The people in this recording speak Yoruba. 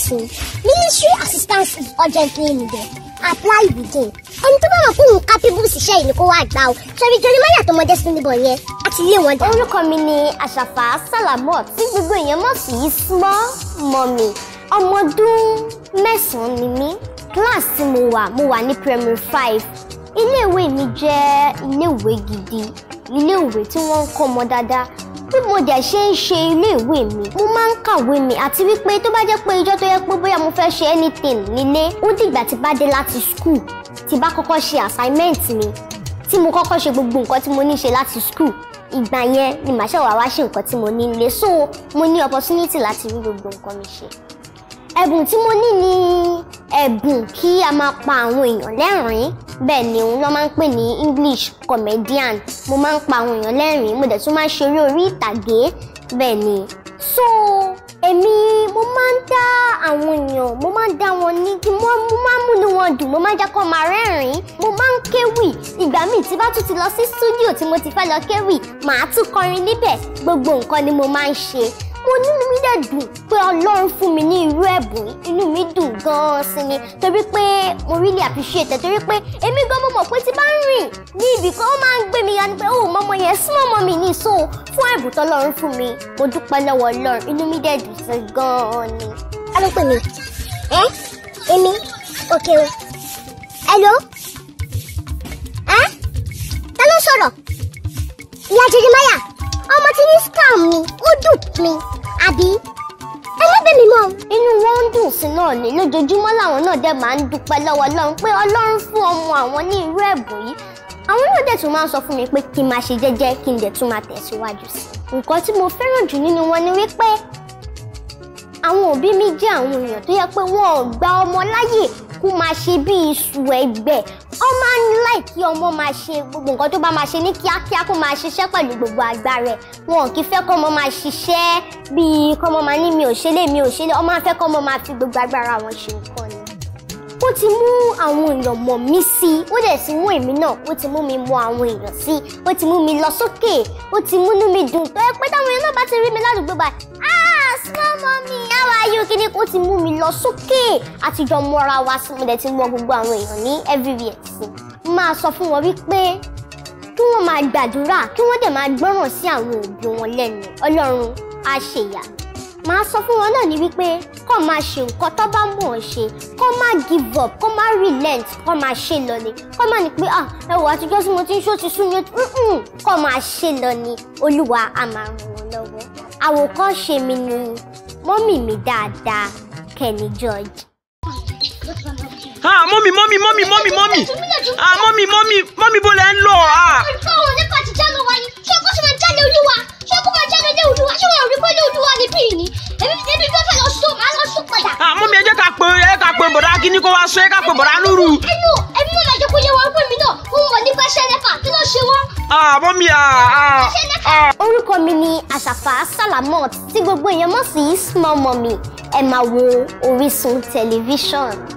person ministry assistance is urgently needed apply within ẹni tó bá mọ̀ pé òun capable ṣiṣẹ́ yìí ni kó wá gbà ó sọ̀rọ̀ jeremiah àtọmọdé sílẹ̀bọ̀ yẹn àti ilé wọn. orúkọ mi ni àṣàfà sàlámọ̀ tí gbogbo èèyàn mọ̀ sí small mummy ọmọ ọdún mẹ́sàn-án ni mí class tí mo wà mo wà ní primary five iléèwé mi jẹ́ iléèwé gidi iléèwé tí wọ́n ń kọ́ ọmọ dáadáa bí mo dẹ̀ ṣe ń ṣe iléèwé mi mo máa ń kàwé mi àti wípé tó bá jẹ́ pé ijọ́ tó yẹ pé bóyá mo fẹ́ ṣe anything nílé ó dìgbà tí bá dé láti school tí bá kọ́kọ́ ṣe assignment mi tí mo kọ́kọ́ ṣe gbogbo nǹkan tí mo ní ṣe láti school ìgbà yẹn ni màá ṣẹ̀wá wá ṣe nǹkan tí mo ní nílé so mo ní opportunity láti rí gbogbo nǹkan mi ṣe ẹ̀bùn tí mo ní ni ẹ̀bùn kí a máa pa àwọn èèyàn lẹ́rìn-ín bẹ́ẹ̀ ni òun máa ń pè ní English comedian mo máa ń pa àwọn èèyàn lẹ́rìn-ín mo dẹ̀ tún máa ń ṣeré orí ìtàgé bẹ́ẹ̀ ni. so èmi mo máa ń dá àwọn èèyàn mo máa ń dá wọn ní kí mo máa ń múnú wọn dùn mo máa ń jẹ́ kó máa rẹ́rìn-ín mo máa ń kéwì ìgbà míì tí bá tún ti lọ sí stúdíò tí mo ti fẹ́ lọ kéwì màá tún kọrin níbẹ̀ gbogbo nǹkan ni mo máa ń ṣe onínú mi dẹ̀ dùn pé ọlọ́run fún mi ní irú ẹ̀bùn inú mi dùn gan-an sí ni torí pé mo really appreciate torí pé èmi gan mo mọ̀ pé tí bá ń rìn ní ibì kan ó máa ń gbé mi ya ni pé ó oh, mọ́mọ́ yẹn súnmọ́ mọ́ mi ní so fún ẹ̀bùn tọ́lọ́run fún mi mo dúpẹ́ lọ́wọ́ ọlọ́run inú mi dẹ̀ dùn sí gan-an ni. alo pè mí ẹ èmi òkè o hello ẹ ta ló sọ̀rọ̀ ìyá jẹjẹmáyà ọmọ tí ní scam ni ó dùn mí àbí ẹlẹ́bẹ̀mí náà inú wọn ń dùn sí náà ní lójoojúmọ́ làwọn náà dẹ̀ máa ń dúpẹ́ lọ́wọ́ Ọlọ́run pé Ọlọ́run fún ọmọ àwọn ní irú ẹ̀bùn yìí àwọn náà dẹ̀ tún máa ń sọ fún mi pé kí n máa ṣe jẹ́jẹ́ kí n dẹ̀ tún máa tẹ̀síwájú sí i nǹkan tí mo fẹ́ràn jù nínú wọn ni wípé àwọn òbí mi jẹ́ àwọn èèyàn tó yẹ pé wọn gba ọmọ láyè kó máa ṣe bí iṣu ẹgbẹ́ ó máa ń láì kí ọmọ máa ṣe gbogbo nǹkan tó bá máa ṣe ní kíákíá kó máa ṣiṣẹ́ pẹ̀lú gbogbo agbára rẹ̀ wọn kì í fẹ́ kọ́ ọmọ máa ṣiṣẹ́ bíi kọ́ ọmọ máa ní mi ò ṣe lé mi ò ṣe lé ọmọ afẹ́ kọ́ ọmọ máa fi gbogbo agbára wọn ṣe nǹkan ni. ó ti mú àwọn èèyàn mọ̀ mí sí i ó dẹ̀ ti mú èmi náà ó ti mú mi mọ àwọn èèyàn sí i ó ti mú mi lọ sókè ó ti múnú mi dùn tó ẹ pé táwọn èèyàn náà bá ti rí mi ládùúgbò báyìí small mommy how are you kí ni kó ti mú mi lọ sókè àtijọ́ mọ́ra wa sí mo dẹ̀ ti mọ gbogbo àwọn èèyàn ní everywhere sí máa sọ fún wọn wípé kí wọ́n máa gbàdúrà kí wọ́n dẹ̀ máa gbọ́ràn sí àwọn òbí wọn lẹ́nu ọlọ́run á ṣèyà màá sọ fún wọn náà ní wípé kó máa ṣe nǹkan tó bá mọ̀ ọ́n ṣe kó má give up kó má relent kó máa ṣe lọ ni kó má ní pé ah ẹ wò àtijọ́ tí mo ti ń ṣó ti sún ni kó máa ṣe lọ ni olúwa á àwòkọ́ṣe mi ni mọ́mì mi dáadáa Kenny George. ah mọ́mì mọ́mì mọ́mì mọ́mì mọ́mì ah mọ́mì mọ́mì mọ́mì bó lẹ́ ń lọ ah. báwo nípa àtijọ́ ló wáyé ṣé kó ṣe máa jáde olúwa ṣé kó máa jáde ní olúwa ṣé wọn ò rí pé ní olúwa ni bíi ni èmi èmi fẹ́ fẹ́ lọ sùn máa lọ sùn padà. ah mọ́mì ẹ jẹ́ ká pè ẹ ká pè bọ̀dá kíní kó wá sọ ẹ ká pè bọ̀dá lóru. ẹnu ẹnu mọ̀ máa jẹ́ kó yẹ wọn pé mi náà òun wọ̀ nípa ṣẹ́nẹ́fà kí ló ṣe ah mọ́mì ah. ah orúkọ mi ni àṣàfà salamot tí gbogbo èèyàn mọ̀ sí small mummy ẹ máa wo Orísun tẹlifíṣàn.